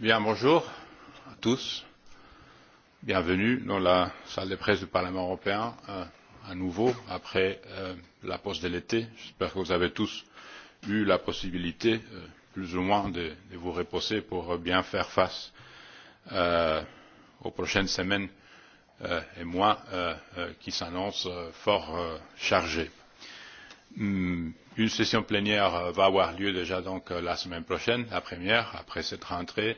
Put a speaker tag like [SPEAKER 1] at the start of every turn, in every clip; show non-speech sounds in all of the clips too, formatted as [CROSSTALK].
[SPEAKER 1] Bien, bonjour à tous. Bienvenue dans la salle de presse du Parlement européen euh, à nouveau après euh, la pause de l'été. J'espère que vous avez tous eu la possibilité, euh, plus ou moins, de, de vous reposer pour bien faire face euh, aux prochaines semaines euh, et mois euh, euh, qui s'annoncent euh, fort euh, chargés. Hum, une session plénière euh, va avoir lieu déjà donc euh, la semaine prochaine, la première, après cette rentrée. Euh,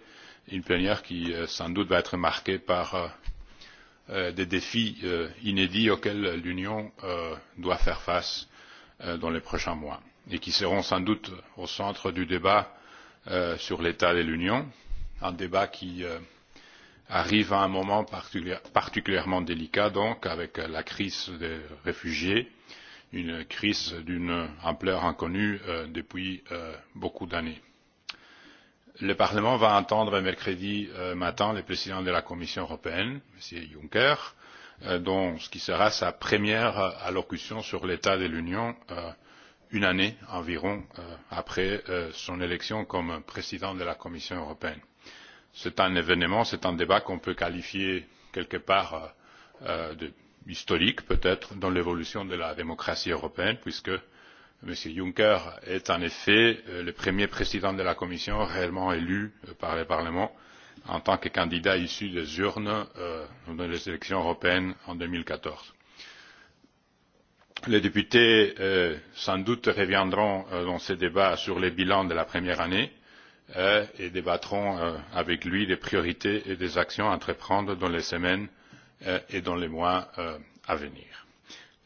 [SPEAKER 1] une plénière qui euh, sans doute va être marquée par euh, euh, des défis inédits auxquels l'union doit faire face dans les prochains mois et qui seront sans doute au centre du débat sur l'état de l'union un débat qui arrive à un moment particulièrement délicat donc avec la crise des réfugiés une crise d'une ampleur inconnue depuis beaucoup d'années le parlement va entendre mercredi euh, matin le président de la commission européenne m. juncker euh, dans ce qui sera sa première allocution sur l'état de l'union euh, une année environ après son élection comme président de la commission européenne. c'est un événement c'est un débat qu'on peut qualifier quelque part d'historique peut être dans l'évolution de la démocratie européenne puisque m. juncker est en effet euh, le premier président de la commission réellement élu euh, par le parlement en tant que candidat issu des urnes euh, lors des élections européennes en. deux mille quatorze les députés sans doute reviendront dans ce débat sur le bilan de la première année et débattront avec lui des priorités et des actions à entreprendre dans les semaines et dans les mois à venir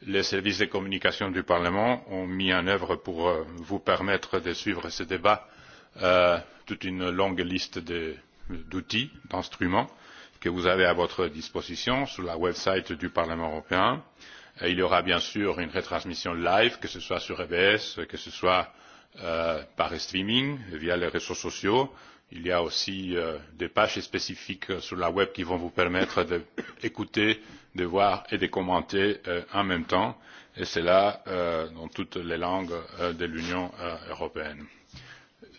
[SPEAKER 1] les services de communication du parlement ont mis en œuvre pour euh, vous permettre de suivre ce débat euh, toute une longue liste d'outils d'instruments que vous avez à votre disposition sur la website du parlement européen. il y aura bien sûr une retransmission en direct que ce soit sur ebs que ce soit euh, par streaming via les réseaux sociaux il y a aussi euh, des pages spécifiques euh, sur la web qui vont vous permettre d'écouter de, voir et de commenter euh, en même temps et cela dans toutes les langues de l'union européenne.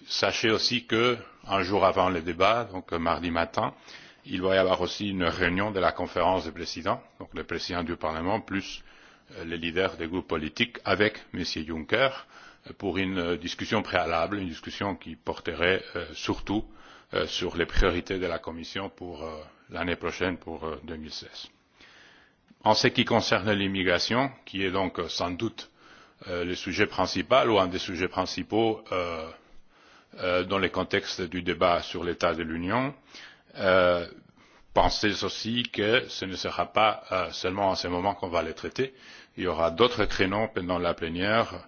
[SPEAKER 1] sachez aussi qu'un jour avant le débat donc mardi matin il va y avoir aussi une réunion de la conférence des présidents donc le président du parlement plus les leaders des groupes politiques avec m. juncker pour une euh, discussion préalable une discussion qui porterait euh, surtout euh, sur les priorités de la commission pour l'année prochaine pour. deux mille seize en ce qui concerne l'immigration qui est donc sans doute le sujet principal ou un des sujets principaux dans le contexte du débat sur l'état de l'union pensez aussi que ce ne sera pas seulement à ce moment qu'on va le traiter il y aura d'autres créneaux pendant la plénière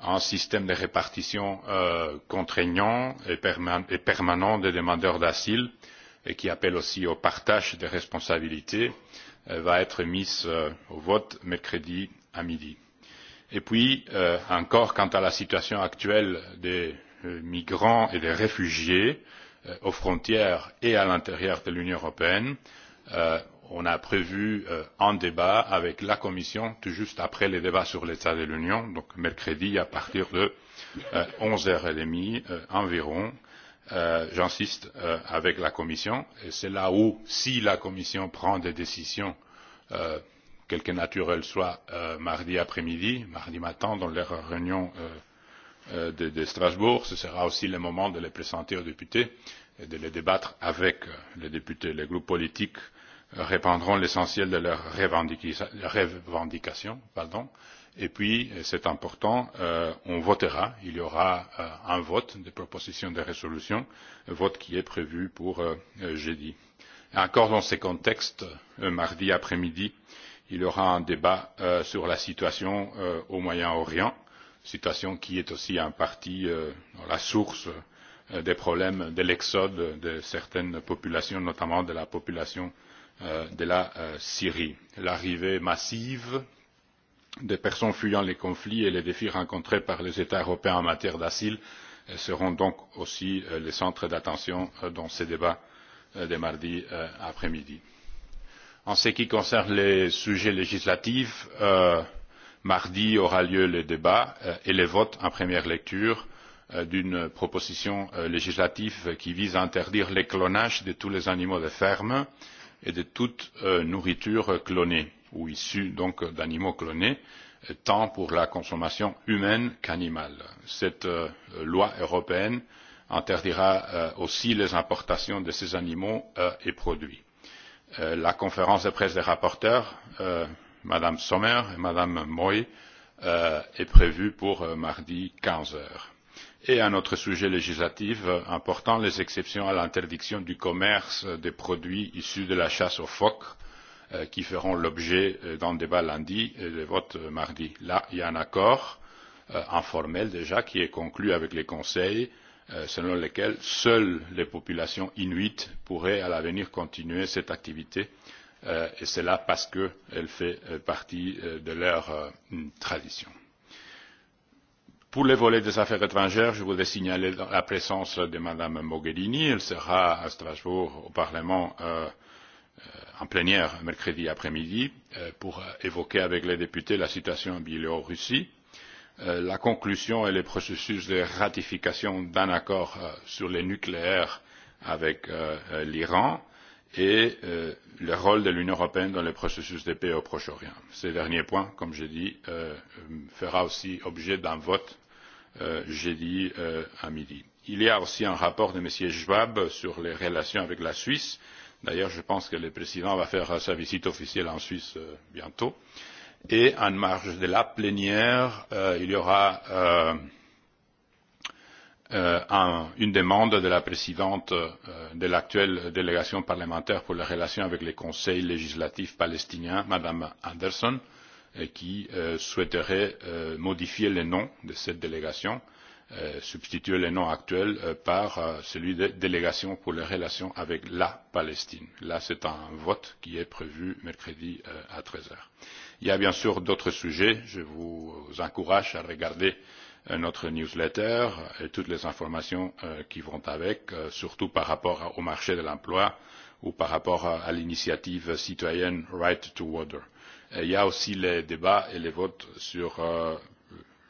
[SPEAKER 1] un système de répartition euh, contraignant et, perman et permanent des demandeurs d'asile et qui appelle aussi au partage des responsabilités euh, va être mise euh, au vote mercredi à midi. Et puis, euh, encore quant à la situation actuelle des euh, migrants et des réfugiés euh, aux frontières et à l'intérieur de l'Union européenne, euh, on a prévu euh, un débat avec la commission tout juste après les débats sur l'état de l'union donc mercredi à partir de euh, onze heures trente euh, environ j'insiste avec la commission et c'est là où si la commission prend des décisions quelle que nature elle soit mardi après midi mardi matin dans leur réunion de, de Strasbourg, ce sera aussi le moment de les présenter aux députés et de les débattre avec les députés. Les groupes politiques répandront l'essentiel de leurs revendications et puis c'est important euh, on votera il y aura euh, un vote des propositions de résolution vote qui est prévu pour euh, jeudi. encore dans ce contexte mardi après midi il y aura un débat sur la situation au moyen orient situation qui est aussi en partie la source des problèmes de l'exode de certaines populations notamment de la population Euh, de la euh, Syrie. L'arrivée massive des personnes fuyant les conflits et les défis rencontrés par les États européens en matière d'asile euh, seront donc aussi les centres d'attention dans ces débats de mardi après midi. En ce qui concerne les sujets législatifs, mardi aura lieu le débat et le vote en première lecture d'une proposition législative qui vise à interdire le clonage de tous les animaux de ferme et de toute euh, nourriture clonée ou issue d'animaux clonés tant pour la consommation humaine qu'animale. cette euh, loi européenne interdira euh, aussi les importations de ces animaux et produits. la conférence de presse des rapporteurs mme sommer et mme moi est prévue pour mardi quinze heures et un autre sujet législatif euh, important les exceptions à l'interdiction du commerce des produits issus de la chasse aux phoques euh, qui feront l'objet euh, d'un débat lundi et de vote mardi. Là, il y a un accord euh, informel déjà qui est conclu avec les conseils euh, selon lequel seules les populations inuites pourraient à l'avenir continuer cette activité euh, et cela parce qu'elle fait partie euh, de leur euh, tradition. Pour le volet des affaires étrangères, je voudrais signaler la présence de Mme Mogherini. Elle sera à Strasbourg au Parlement euh, euh, en plénière mercredi après-midi euh, pour évoquer avec les députés la situation en Biélorussie, euh, la conclusion et le processus de ratification d'un accord euh, sur le nucléaire avec euh, euh l'Iran, euh, et euh, le rôle de l'union européenne dans le processus de paix au proche orient. ce dernier point comme je l'ai dit euh, fera aussi l'objet d'un vote euh, jeudi à midi. il y a aussi un rapport de m. schwab sur les relations avec la suisse. d'ailleurs je pense que le président va faire sa visite officielle en suisse bientôt. et en marge de la plénière il y aura à euh, une demande de la présidente euh, de l'actuelle délégation parlementaire pour les relations avec le conseil législatif palestinien mme anderson euh, qui souhaiterait modifier le nom de cette délégation substituer le nom actuel par celui de délégation pour les relations avec la palestine. là c'est un vote qui est prévu mercredi à. treize heures il y a bien sûr d'autres sujets je vous encourage à regarder Euh, notre newsletter et toutes les informations euh, qui vont avec, euh, surtout par rapport au marché de l'emploi ou par rapport à, l'initiative citoyenne Right to Water. Et il y a aussi les débats et les votes sur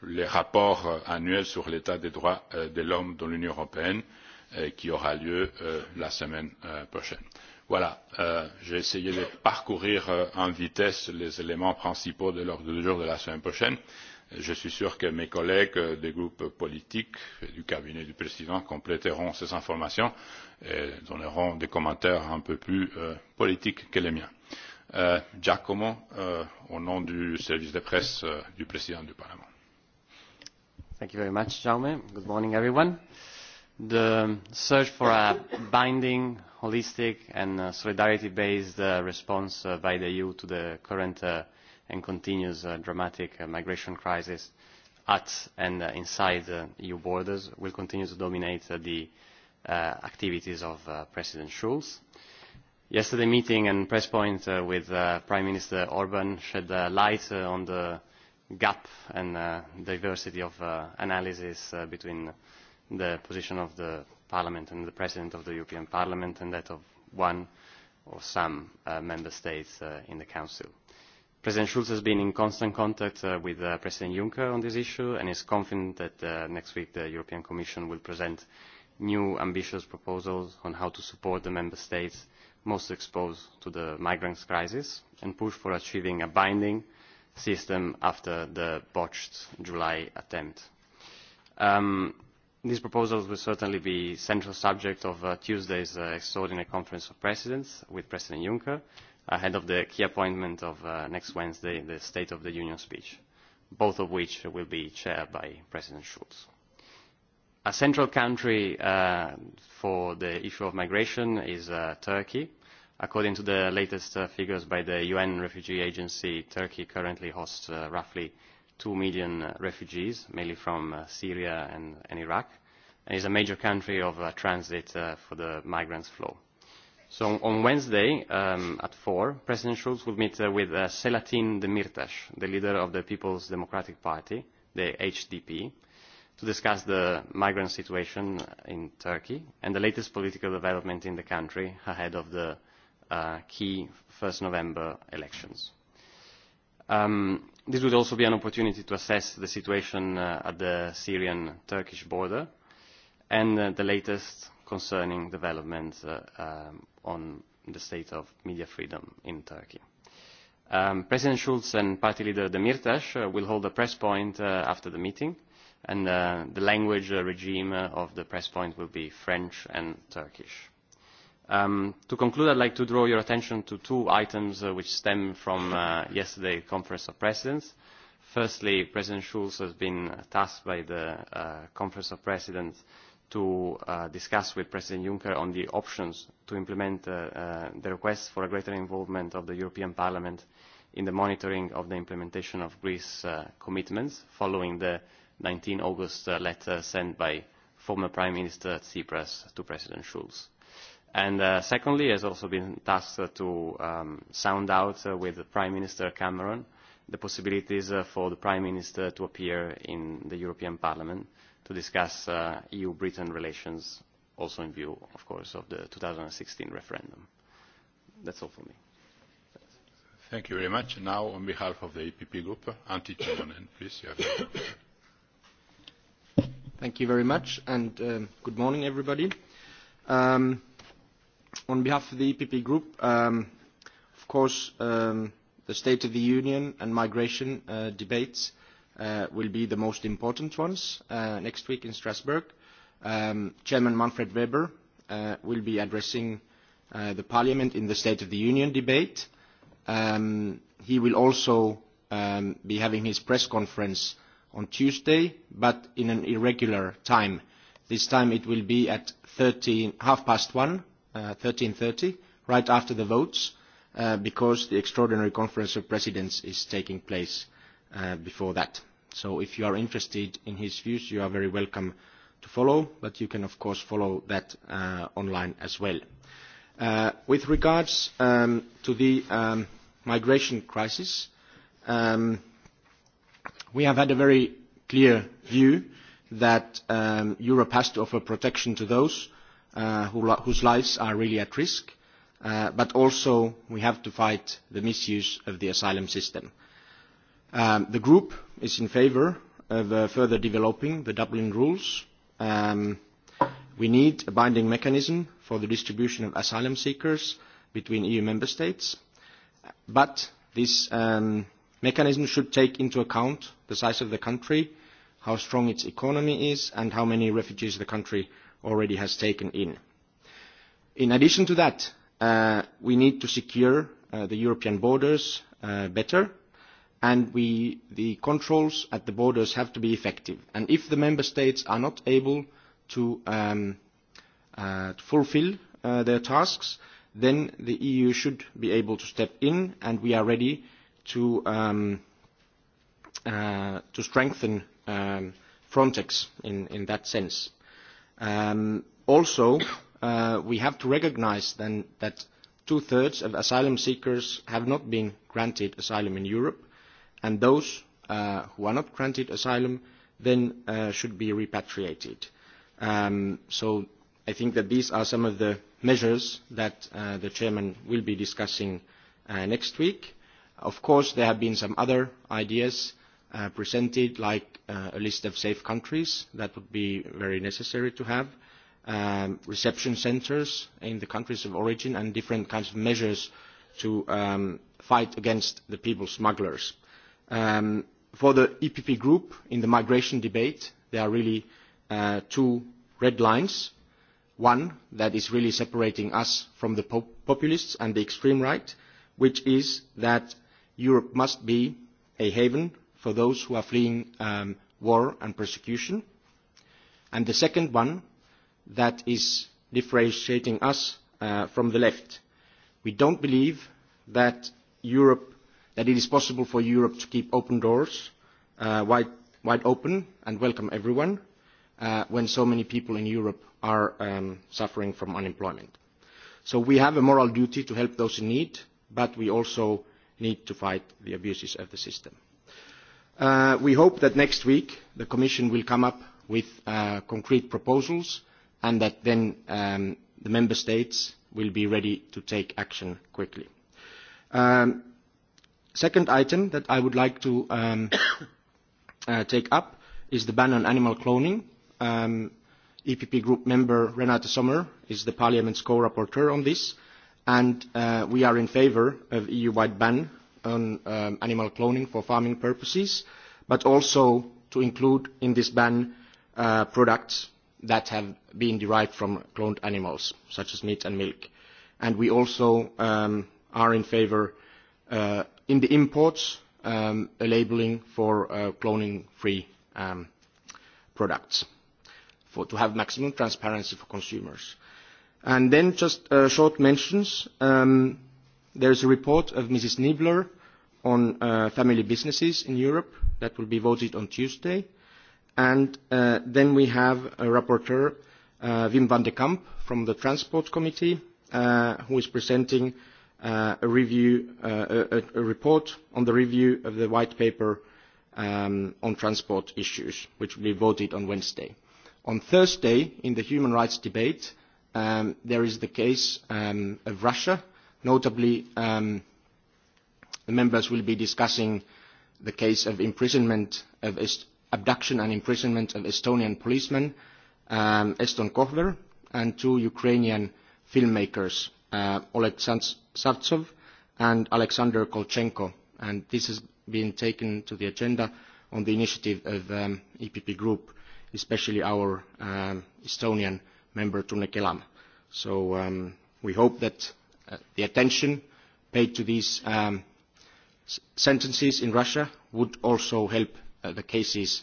[SPEAKER 1] les rapports annuels sur l'état des droits de l'homme dans l'Union européenne qui aura lieu la semaine prochaine. Voilà, euh, j'ai essayé de parcourir euh, en vitesse les éléments principaux de l'ordre du jour de la semaine prochaine je suis sûr que mes collègues des groupes politiques et du cabinet du président compléteront ces informations et donneront des commentaires un peu plus euh, politiques que les miens. Euh, Giacomo, euh, au nom du service de presse du président du Parlement.
[SPEAKER 2] Thank you very much, Jaume. Good morning, everyone. The search for a binding, holistic and uh, solidarity-based uh, response uh, by the EU to the current uh, and continuous uh, dramatic uh, migration crisis at and uh, inside uh, EU borders will continue to dominate uh, the uh, activities of uh, President Schulz. Yesterday meeting and press point uh, with uh, Prime Minister Orban shed uh, light uh, on the gap and uh, diversity of uh, analysis uh, between the position of the Parliament and the President of the European Parliament and that of one or some uh, member states uh, in the Council. President Schulz has been in constant contact uh, with uh, President Juncker on this issue and is confident that uh, next week the European Commission will present new ambitious proposals on how to support the member states most exposed to the migrants crisis and push for achieving a binding system after the botched July attempt. Um, these proposals will certainly be central subject of uh, Tuesday's uh, extraordinary conference of presidents with President Juncker, ahead of the key appointment of uh, next Wednesday, the State of the Union speech, both of which will be chaired by President Schulz. A central country uh, for the issue of migration is uh, Turkey. According to the latest uh, figures by the UN Refugee Agency, Turkey currently hosts uh, roughly 2 million uh, refugees, mainly from uh, Syria and, and Iraq, and is a major country of uh, transit uh, for the migrants flow So on Wednesday um, at 4, President Schulz will meet uh, with uh, Selatin Demirtas, the leader of the People's Democratic Party, the HDP, to discuss the migrant situation in Turkey and the latest political development in the country ahead of the uh, key 1st November elections. Um, this would also be an opportunity to assess the situation uh, at the Syrian-Turkish border and uh, the latest concerning developments uh, um, on the state of media freedom in Turkey. Um, President Schulz and party leader Demirtas uh, will hold a press point uh, after the meeting, and uh, the language uh, regime uh, of the press point will be French and Turkish. Um, to conclude, I'd like to draw your attention to two items uh, which stem from uh, yesterday's Conference of Presidents. Firstly, President Schulz has been tasked by the uh, Conference of Presidents to uh, discuss with President Juncker on the options to implement uh, uh, the request for a greater involvement of the European Parliament in the monitoring of the implementation of Greece's uh, commitments following the 19 August uh, letter sent by former Prime Minister Tsipras to President Schulz. And uh, secondly, has also been tasked uh, to um, sound out uh, with Prime Minister Cameron the possibilities uh, for the Prime Minister to appear in the European Parliament uh, to discuss uh, EU-Britain relations, also in view, of course, of the 2016 referendum.
[SPEAKER 1] That's all for me. Thank you very much. Now, on behalf of the EPP Group, Antti Chilonen, please. You have Thank you
[SPEAKER 3] very much, and um, good morning, everybody. Um, on behalf of the EPP Group, um, of course, um, the State of the Union and migration uh, debates uh, will be the most important ones uh, next week in Strasbourg. Um, Chairman Manfred Weber uh, will be addressing uh, the Parliament in the State of the Union debate. Um, he will also um, be having his press conference on Tuesday, but in an irregular time. This time it will be at 13, half past one, uh, 13.30, right after the votes, uh, because the extraordinary conference of presidents is taking place uh, before that. So if you are interested in his views, you are very welcome to follow, but you can of course follow that uh, online as well. Uh, with regards um, to the um, migration crisis, um, we have had a very clear view that um, Europe has to offer protection to those uh, who, whose lives are really at risk, uh, but also we have to fight the misuse of the asylum system Um, the group is in favour of uh, further developing the Dublin rules. Um, we need a binding mechanism for the distribution of asylum seekers between EU member states, but this um, mechanism should take into account the size of the country, how strong its economy is, and how many refugees the country already has taken in. In addition to that, uh, we need to secure uh, the European borders uh, better and we, the controls at the borders have to be effective. And if the member states are not able to, um, uh, to fulfil uh, their tasks, then the EU should be able to step in, and we are ready to, um, uh, to strengthen um, Frontex in, in, that sense. Um, also, uh, we have to recognise then that two-thirds of asylum seekers have not been granted asylum in Europe, and those uh, who are not granted asylum then uh, should be repatriated. Um, so I think that these are some of the measures that uh, the chairman will be discussing uh, next week. Of course, there have been some other ideas uh, presented, like uh, a list of safe countries that would be very necessary to have, um, reception centres in the countries of origin, and different kinds of measures to um, fight against the people smugglers. Um, for the EPP group, in the migration debate, there are really uh, two red lines. One that is really separating us from the pop populists and the extreme right, which is that Europe must be a haven for those who are fleeing um, war and persecution. And the second one that is differentiating us uh, from the left. We don't believe that Europe that it is possible for Europe to keep open doors uh, wide, wide open and welcome everyone uh, when so many people in Europe are um, suffering from unemployment. So we have a moral duty to help those in need, but we also need to fight the abuses of the system. Uh, we hope that next week the Commission will come up with uh, concrete proposals and that then um, the Member States will be ready to take action quickly. Um, Second item that I would like to um, [COUGHS] uh, take up is the ban on animal cloning. Um, EPP group member Renate Sommer is the Parliament's co-rapporteur on this, and uh, we are in favour of EU-wide ban on um, animal cloning for farming purposes, but also to include in this ban uh, products that have been derived from cloned animals, such as meat and milk. And we also um, are in favour uh, in the imports um, a labelling for uh, cloning free um, products to have maximum transparency for consumers. And then just uh, short mentions. Um, there is a report of Mrs. Niebler on uh, family businesses in Europe that will be voted on Tuesday. And uh, then we have a rapporteur, uh, Wim van de Kamp from the Transport Committee, uh, who is presenting uh, a review, uh, a, a report on the review of the white paper um, on transport issues, which will be voted on Wednesday. On Thursday, in the human rights debate, um, there is the case um, of Russia. Notably, um, the members will be discussing the case of imprisonment of Est abduction and imprisonment of Estonian policeman um, Eston Kohver and two Ukrainian filmmakers uh, Oleg Savtsov and Alexander Kolchenko, and this has been taken to the agenda on the initiative of um, EPP Group, especially our um, Estonian member Tune Kelam. So um, we hope that uh, the attention paid to these um, sentences in Russia would also help uh, the cases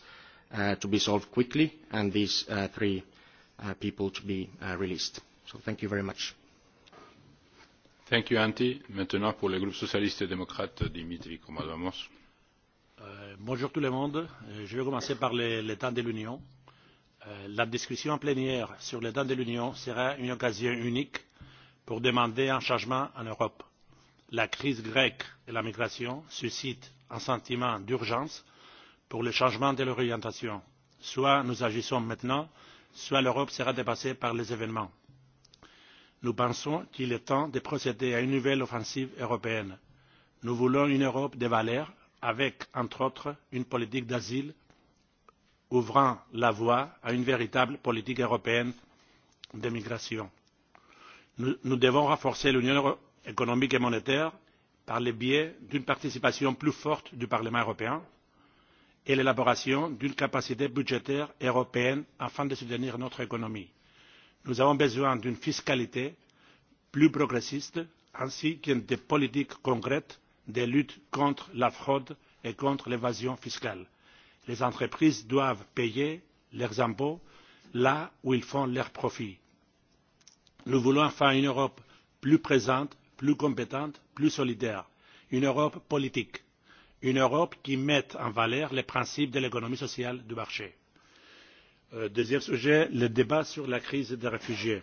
[SPEAKER 3] uh, to be solved quickly and these uh, three uh, people to be uh, released. So thank you very much.
[SPEAKER 1] Thank you, Antti. Maintenant, pour le groupe socialiste et démocrate, Dimitri Komadamos.
[SPEAKER 4] Euh, bonjour tout le monde. Euh, je vais commencer par l'état de l'Union. Euh, la discussion plénière sur l'état de l'Union sera une occasion unique pour demander un changement en Europe. La crise grecque et la migration suscitent un sentiment d'urgence pour le changement de l'orientation. Soit nous agissons maintenant, soit l'Europe sera dépassée par les événements nous pensons qu'il est temps de procéder à une nouvelle offensive européenne. nous voulons une europe des valeurs avec entre autres une politique d'asile ouvrant la voie à une véritable politique européenne des migrations. nous, devons renforcer l'union économique et monétaire par le biais d'une participation plus forte du parlement européen et l'élaboration d'une capacité budgétaire européenne afin de soutenir notre économie nous avons besoin d'une fiscalité plus progressiste ainsi que de politiques concrètes de lutte contre la fraude et contre l'évasion fiscale. les entreprises doivent payer leurs impôts là où elles font leurs profits. nous voulons enfin une europe plus présente plus compétente plus solidaire une europe politique une europe qui mette en valeur les principes de l'économie sociale de marché Euh, deuxième sujet le débat sur la crise des réfugiés.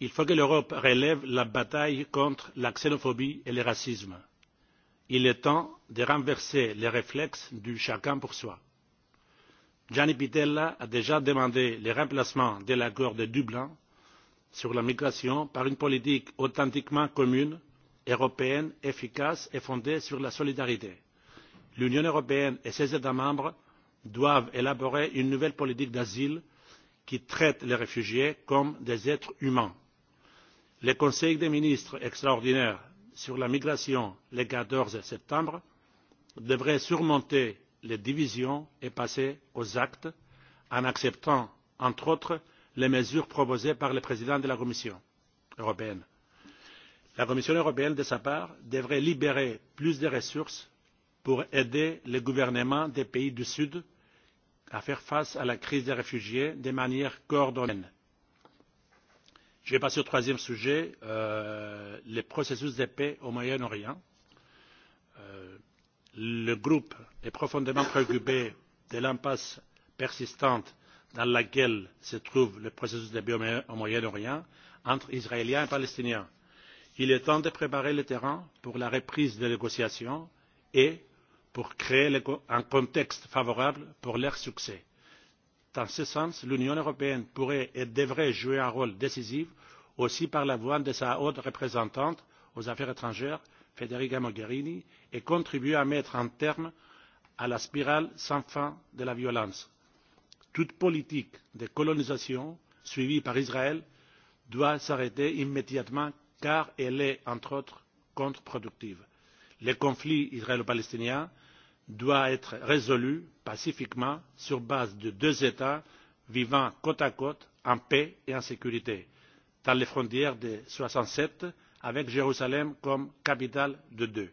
[SPEAKER 4] il faut que l'europe relève la bataille contre la xénophobie et le racisme. il est temps de renverser le réflexe du chacun pour soi. gianni pittella a déjà demandé le remplacement de l'accord de dublin sur la migration par une politique authentiquement commune européenne efficace et fondée sur la solidarité. l'union européenne et ses états membres doivent élaborer une nouvelle politique d'asile qui traite les réfugiés comme des êtres humains. le conseil des ministres extraordinaire sur la migration le quatorze septembre devrait surmonter les divisions et passer aux actes en acceptant entre autres les mesures proposées par le président de la commission européenne. la commission européenne de sa part devrait libérer plus de ressources pour aider les gouvernements des pays du sud à faire face à la crise des réfugiés de manière coordonnée. je vais passer au troisième sujet euh, le processus de paix au moyen orient. Euh, le groupe est profondément préoccupé de l'impasse persistante dans laquelle se trouve le processus de paix au moyen orient entre israéliens et palestiniens. il est temps de préparer le terrain pour la reprise des négociations et pour créer un contexte favorable à leur succès. dans ce sens l'union européenne pourrait et devrait jouer un rôle décisif aussi par la voix de sa haute représentante aux affaires étrangères federica mogherini et contribuer à mettre un terme à la spirale sans fin de la violence. toute politique de colonisation suivie par israël doit s'arrêter immédiatement car elle est entre autres contre productive. le conflit israélo palestinien doit être résolue pacifiquement sur la base de deux états vivant côte à côte en paix et en sécurité dans les frontières de mille neuf cent soixante sept avec jérusalem comme capitale des deux.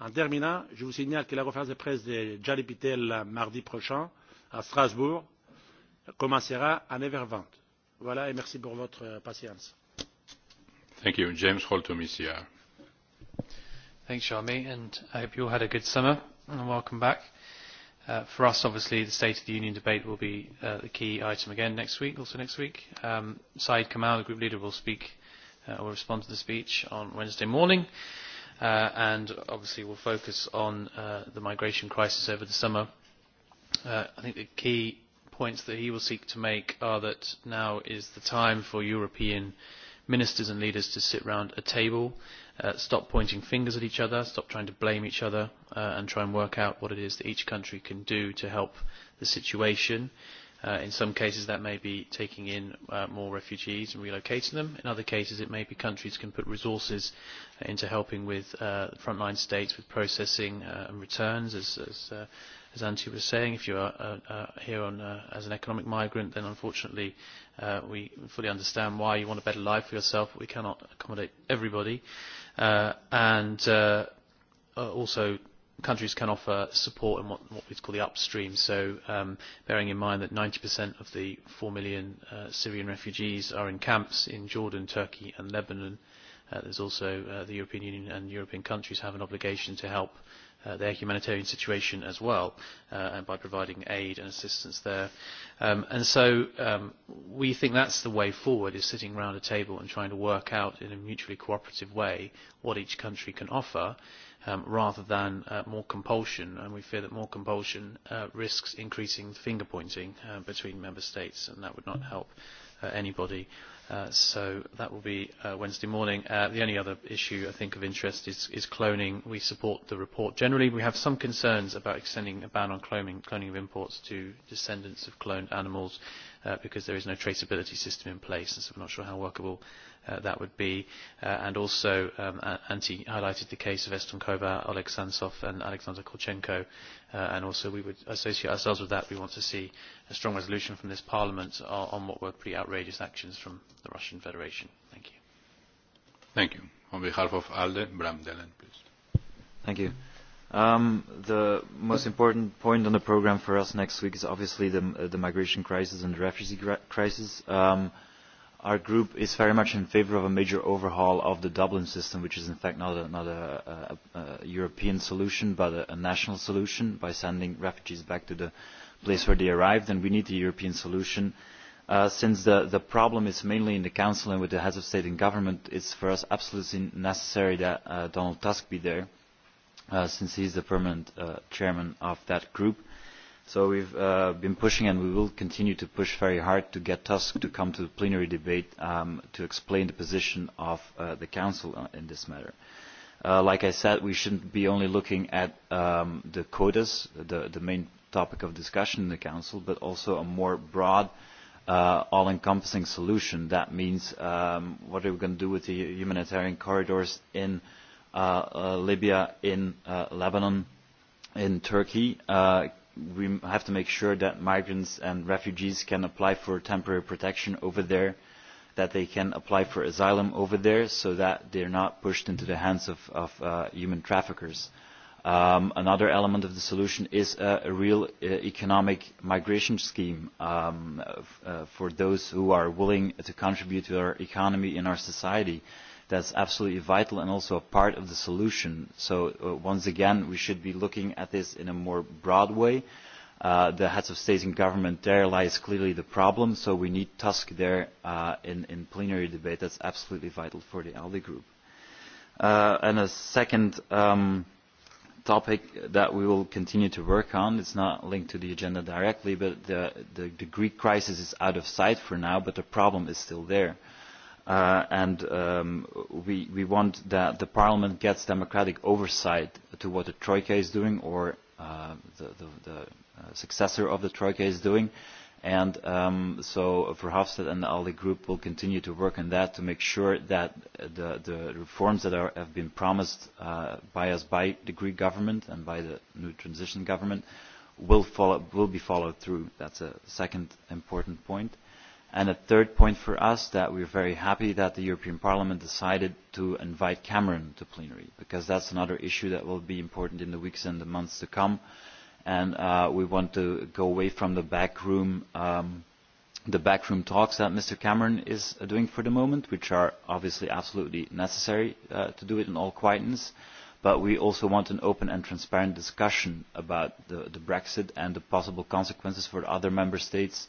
[SPEAKER 4] en terminant je vous signale que la conférence de presse de gianni pittella mardi prochain à strasbourg commencera à neuf heures vingt. voilà et merci pour votre euh, patience
[SPEAKER 5] and welcome back. Uh, for us, obviously, the State of the Union debate will be uh, the key item again next week, also next week. Um, Saeed Kamal, the group leader, will speak uh, or respond to the speech on Wednesday morning. Uh, and obviously we'll focus on uh, the migration crisis over the summer. Uh, I think the key points that he will seek to make are that now is the time for European uh, ministers and leaders to sit round a table, uh, stop pointing fingers at each other, stop trying to blame each other, uh, and try and work out what it is that each country can do to help the situation. Uh, in some cases, that may be taking in uh, more refugees and relocating them. In other cases, it may be countries can put resources into helping with uh, frontline states, with processing uh, and returns, as, as uh, as Antti was saying, if you are uh, uh, here on, uh, as an economic migrant, then unfortunately uh, we fully understand why you want a better life for yourself, but we cannot accommodate everybody. Uh, and uh, uh, also countries can offer support in what, what we call the upstream. So um, bearing in mind that 90% of the 4 million uh, Syrian refugees are in camps in Jordan, Turkey and Lebanon. Uh, there's also uh, the European Union and European countries have an obligation to help uh, their humanitarian situation as well uh, and by providing aid and assistance there. Um, and so um, we think that's the way forward is sitting around a table and trying to work out in a mutually cooperative way what each country can offer um, rather than uh, more compulsion and we fear that more compulsion uh, risks increasing finger pointing uh, between member states and that would not help uh, anybody. Uh, Uh, so that will be uh, Wednesday morning. Uh, the only other issue I think of interest is, is cloning. We support the report. Generally, we have some concerns about extending a ban on cloning, cloning of imports to descendants of cloned animals uh, because there is no traceability system in place, and so we're not sure how workable Uh, that would be, uh, and also um, highlighted the case of Eston Oleg Sansov and Alexander Kolchenko, uh, and also we would associate ourselves with that. We want to see a strong resolution from this Parliament on, on what were pretty outrageous actions from the Russian Federation. Thank you.
[SPEAKER 1] Thank you. On behalf of ALDE, Bram Delen, please.
[SPEAKER 6] Thank you. Um, the most important point on the program for us next week is obviously the, the migration crisis and the refugee crisis. Um, uh, our group is very much in favour of a major overhaul of the Dublin system, which is in fact not a, not a, a, a European solution, but a, a national solution by sending refugees back to the place where they arrived. And we need a European solution. Uh, since the, the problem is mainly in the Council and with the heads of state and government, it's for us absolutely necessary that uh, Donald Tusk be there, uh, since he's the permanent uh, chairman of that group So we've uh, been pushing and we will continue to push very hard to get Tusk to come to the plenary debate um, to explain the position of uh, the Council uh, in this matter. Uh, like I said, we shouldn't be only looking at um, the quotas, the, the main topic of discussion in the Council, but also a more broad, uh, all-encompassing solution. That means um, what are we going to do with the humanitarian corridors in uh, uh, Libya, in uh, Lebanon, in Turkey? Uh, we have to make sure that migrants and refugees can apply for temporary protection over there, that they can apply for asylum over there so that they are not pushed into the hands of, of uh, human traffickers. Um, another element of the solution is a, a real uh, economic migration scheme um, uh, for those who are willing to contribute to our economy and our society that's absolutely vital and also a part of the solution. So uh, once again, we should be looking at this in a more broad way. Uh, the heads of state and government, there lies clearly the problem, so we need Tusk there uh, in, in plenary debate. That's absolutely vital for the ALDE group. Uh, and a second um, topic that we will continue to work on, it's not linked to the agenda directly, but the, the, the Greek crisis is out of sight for now, but the problem is still there. Uh, Uh, and um, we, want that the parliament gets democratic oversight to what the troika is doing or uh, the, uh, successor of the troika is doing. And um, so Verhofstadt and the ALDE group will continue to work on that to make sure that the, reforms that are, have been promised by us, by the Greek government and by the new transition government, will, follow, will be followed through. That's a second important point. And a third point for us that we're very happy that the European Parliament decided to invite Cameron to plenary because that's another issue that will be important in the weeks and the months to come. And uh, we want to go away from the backroom, um, the backroom talks that Mr. Cameron is doing for the moment, which are obviously absolutely necessary uh, to do it in all quietness. But we also want an open and transparent discussion about the, the Brexit and the possible consequences for other member states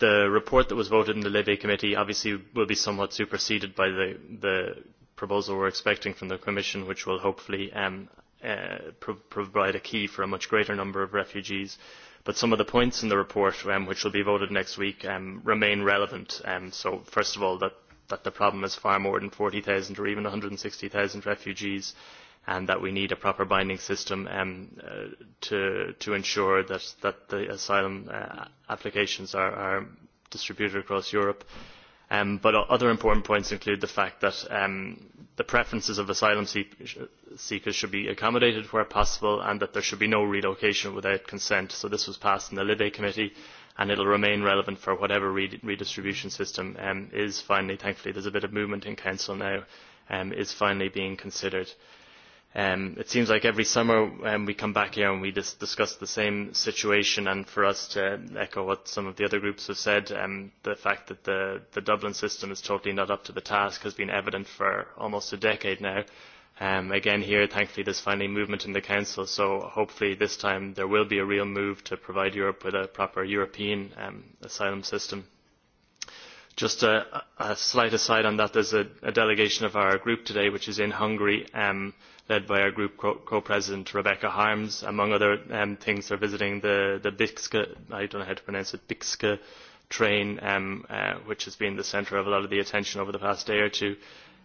[SPEAKER 7] the report that was voted in the libe committee obviously will be somewhat superseded by the, proposal we are expecting from the commission which will hopefully um, uh, provide a key for a much greater number of refugees but some of the points in the report um, which will be voted next week um, remain relevant. so first of all that, that the problem is far more than forty zero or even one hundred and sixty zero refugees and that we need a proper binding system um, uh, to, to ensure that, that the asylum uh, applications are, are distributed across Europe. Um, but other important points include the fact that um, the preferences of asylum seekers should be accommodated where possible and that there should be no relocation without consent. So this was passed in the Libe Committee and it will remain relevant for whatever re redistribution system um, is finally, thankfully there's a bit of movement in Council now, um, is finally being considered. Um, it seems like every summer um, we come back here and we dis discuss the same situation and for us to echo what some of the other groups have said, um, the fact that the, the Dublin system is totally not up to the task has been evident for almost a decade now. Um, again here, thankfully, there's finally movement in the Council, so hopefully this time there will be a real move to provide Europe with a proper European um, asylum system. Just a, a slight aside on that, there's a, a delegation of our group today which is in Hungary. Um, led by our group co-president -co Rebecca Harms. Among other um, things, they're visiting the, the Bixca, I don't know how to pronounce it, train, um, uh, which has been the centre of a lot of the attention over the past day or two.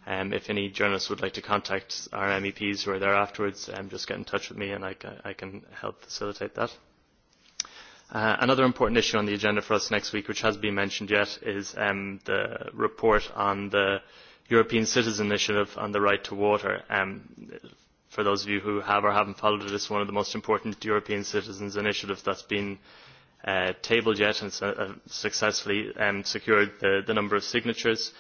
[SPEAKER 7] Um, if any journalists would like to contact our MEPs who are there afterwards, um, just get in touch with me and I, I can help facilitate that. Uh, another important issue on the agenda for us next week, which has been mentioned yet, is um, the report on the European Citizen Initiative on the right to water. Um, for those of you who have or haven't followed it, it's one of the most important European citizens' initiatives that's been uh, tabled yet and uh, successfully um, secured the, the number of signatures.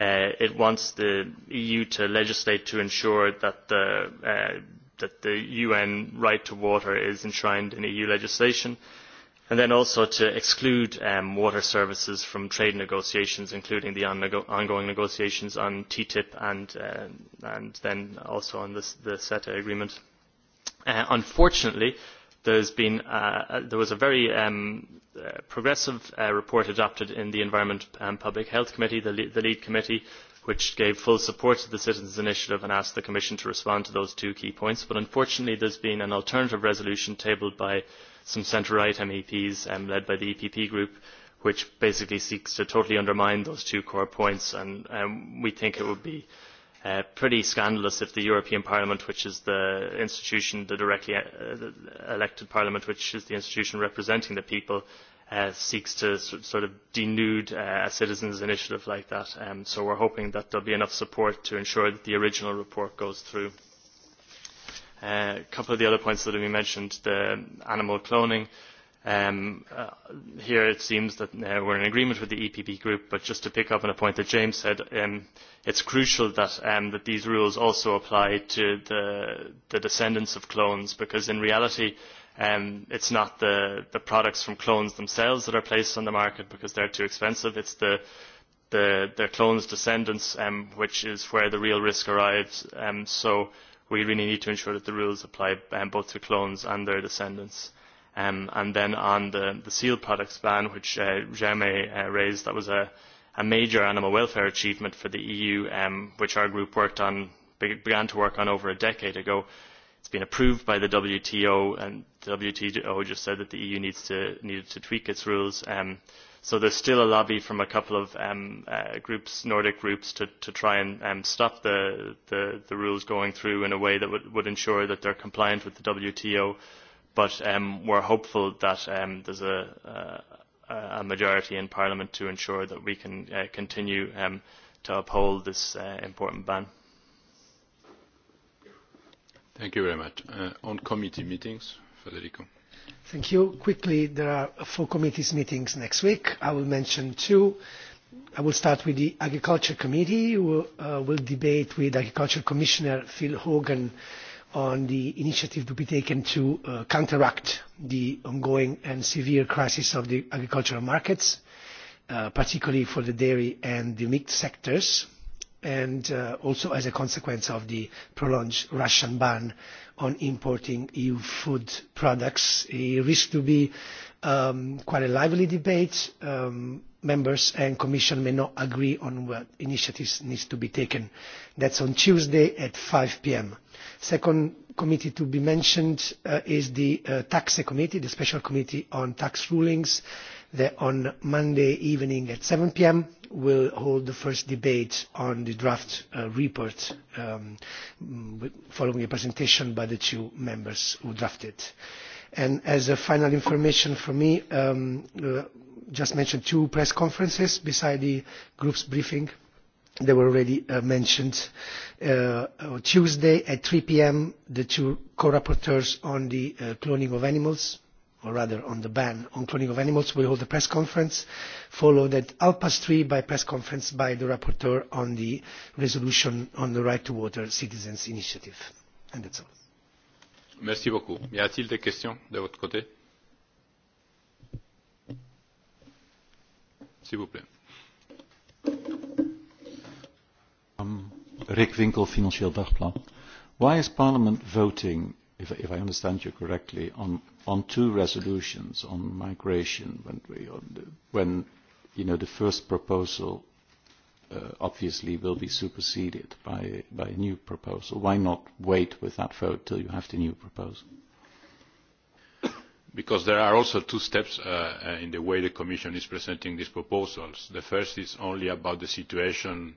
[SPEAKER 7] Uh, it wants the EU to legislate to ensure that the, uh, that the UN right to water is enshrined in EU legislation. Uh, and then also to exclude um, water services from trade negotiations including the ongoing negotiations on ttip and, uh, then also on the ceta agreement. Uh, unfortunately uh, there was a very um, progressive report adopted in the environment and public health committee the lead committee which gave full support to the citizens' initiative and asked the commission to respond to those two key points but unfortunately there has been an alternative resolution tabled by some centre right meps um, led by the epp group which basically seeks to totally undermine those two core points and um, we think it would be uh, pretty scandalous if the European Parliament, which is the institution, the directly uh, elected parliament, which is the institution representing the people, uh, seeks to sort of denude uh, a citizens' initiative like that. Um, so we're hoping that there'll be enough support to ensure that the original report goes through. Uh, a couple of the other points that we mentioned, the animal cloning. Um, uh, here it seems that uh, we're in agreement with the EPP group, but just to pick up on a point that James said, um, it's crucial that, um, that these rules also apply to the, the descendants of clones, because in reality, uh, Um, it is not the, the products from clones themselves that are placed on the market because they are too expensive it is the, the, the clones' descendants um, which is where the real risk arrives um, so we really need to ensure that the rules apply um, both to clones and their descendants. Um, and then on the, the seal products ban which uh, Jeremy uh, raised that was a, a major animal welfare achievement for the EU um, which our group worked on began to work on over a decade ago. It has been approved by the WTO and the WTO just said that the EU needs to needed to tweak its rules. Um, so there's still a lobby from a couple of um, uh, groups, Nordic groups, to, to try and um, stop the, the, the rules going through in a way that would, would ensure that they're compliant with the WTO. But um, we're hopeful that um, there's a, uh, a, a majority in Parliament to ensure that we can uh, continue um, to uphold this uh,
[SPEAKER 1] important ban. Thank you very much. Uh, on committee meetings. Federico.
[SPEAKER 8] Thank you. Quickly, there are four committees meetings next week. I will mention two. I will start with the Agriculture Committee. We uh, will uh, debate with Agriculture Commissioner Phil Hogan on the initiative to be taken to uh, counteract the ongoing and severe crisis of the agricultural markets, uh, particularly for the dairy and the meat sectors and uh, also as a consequence of the prolonged Russian ban on importing EU food products. It risks to be um, quite a lively debate. Um, members and Commission may not agree on what initiatives need to be taken. That's on Tuesday at 5 p.m. Second committee to be mentioned uh, is the uh, Taxe Committee, the Special Committee on Tax Rulings that on Monday evening at 7 p.m. we'll hold the first debate on the draft uh, report um, following a presentation by the two members who drafted. And as a final information from me, um, uh, just mentioned two press conferences beside the group's briefing. They were already uh, mentioned. Uh, Tuesday at 3 p.m., the two co-rapporteurs on the uh, cloning of animals or rather on the ban on cloning of animals we hold a press conference followed at half past three by a press conference by the rapporteur on the resolution on the right to water citizens initiative. And that's all.
[SPEAKER 1] Merci beaucoup. Y a-t-il des questions de votre côté S'il vous plaît. Um,
[SPEAKER 6] Rick Winkel, Financieel Dagblad. Why is Parliament voting if, if I understand you correctly, on, on two resolutions on migration, when, we, on the, when you know, the first proposal uh, obviously will be superseded by, by a new proposal. Why not wait with that vote till you have the new proposal?
[SPEAKER 1] Because there are also two steps uh, uh in the way the Commission is presenting these proposals. The first is only about the situation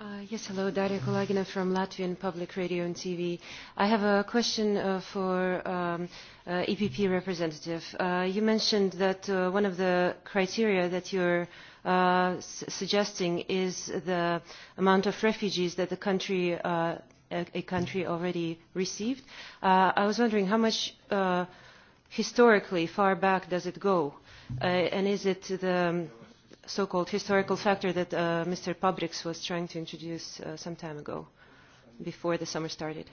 [SPEAKER 1] Uh, yes,
[SPEAKER 7] hello, Daria Kolagina from Latvian Public Radio and TV. I have a question uh, for um, uh, EPP representative. Uh, you mentioned that uh, one of the criteria that you're uh, suggesting is the amount of refugees that the country, uh, a, a country already received. Uh, I was wondering how much uh, historically far back does it go? Uh, and is it the... Um, so-called historical factor that uh, Mr. Pabriks was trying to introduce uh, some time ago, before the summer started.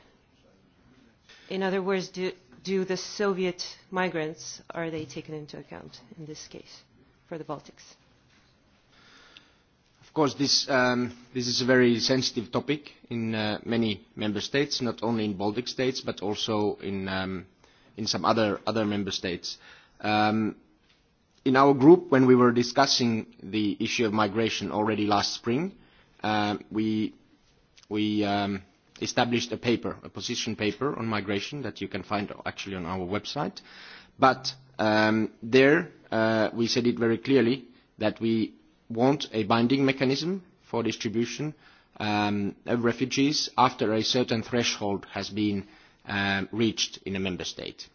[SPEAKER 7] In other words, do, do the Soviet migrants, are they taken into account in this case for the
[SPEAKER 8] Baltics?
[SPEAKER 3] Of course, this, um, this is a very sensitive topic in uh, many member states, not only in Baltic states, but also in, um, in some other, other member states. Um, in our group, when we were discussing the issue of migration already last spring, uh, we, we um, established a paper, a position paper on migration that you can find actually on our website. But um, there uh, we said it very clearly that we want a binding mechanism for distribution um, of refugees after a certain threshold has been um, reached in a member state.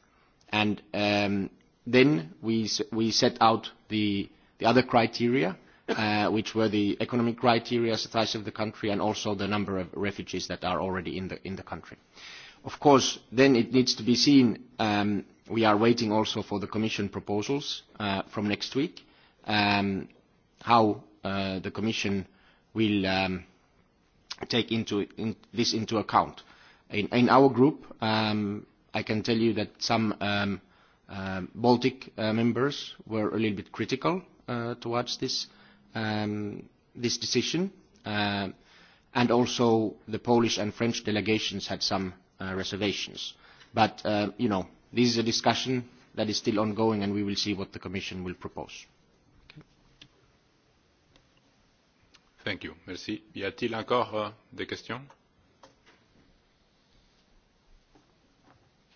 [SPEAKER 3] And um, Then we, we set out the, the other criteria, uh, which were the economic criteria, the size of the country, and also the number of refugees that are already in the, in the country. Of course, then it needs to be seen, um, we are waiting also for the Commission proposals uh, from next week, um, how uh, the Commission will um, take into in, this into account. In, in our group, um, I can tell you that some um, Um, Baltic uh, members were a little bit critical uh, towards this, um, this decision, uh, and also the Polish and French delegations had some uh, reservations. But, uh, you know, this is a discussion that is still ongoing, and we will see what the Commission will propose.
[SPEAKER 1] Thank you. Merci. Y a-t-il encore uh, des questions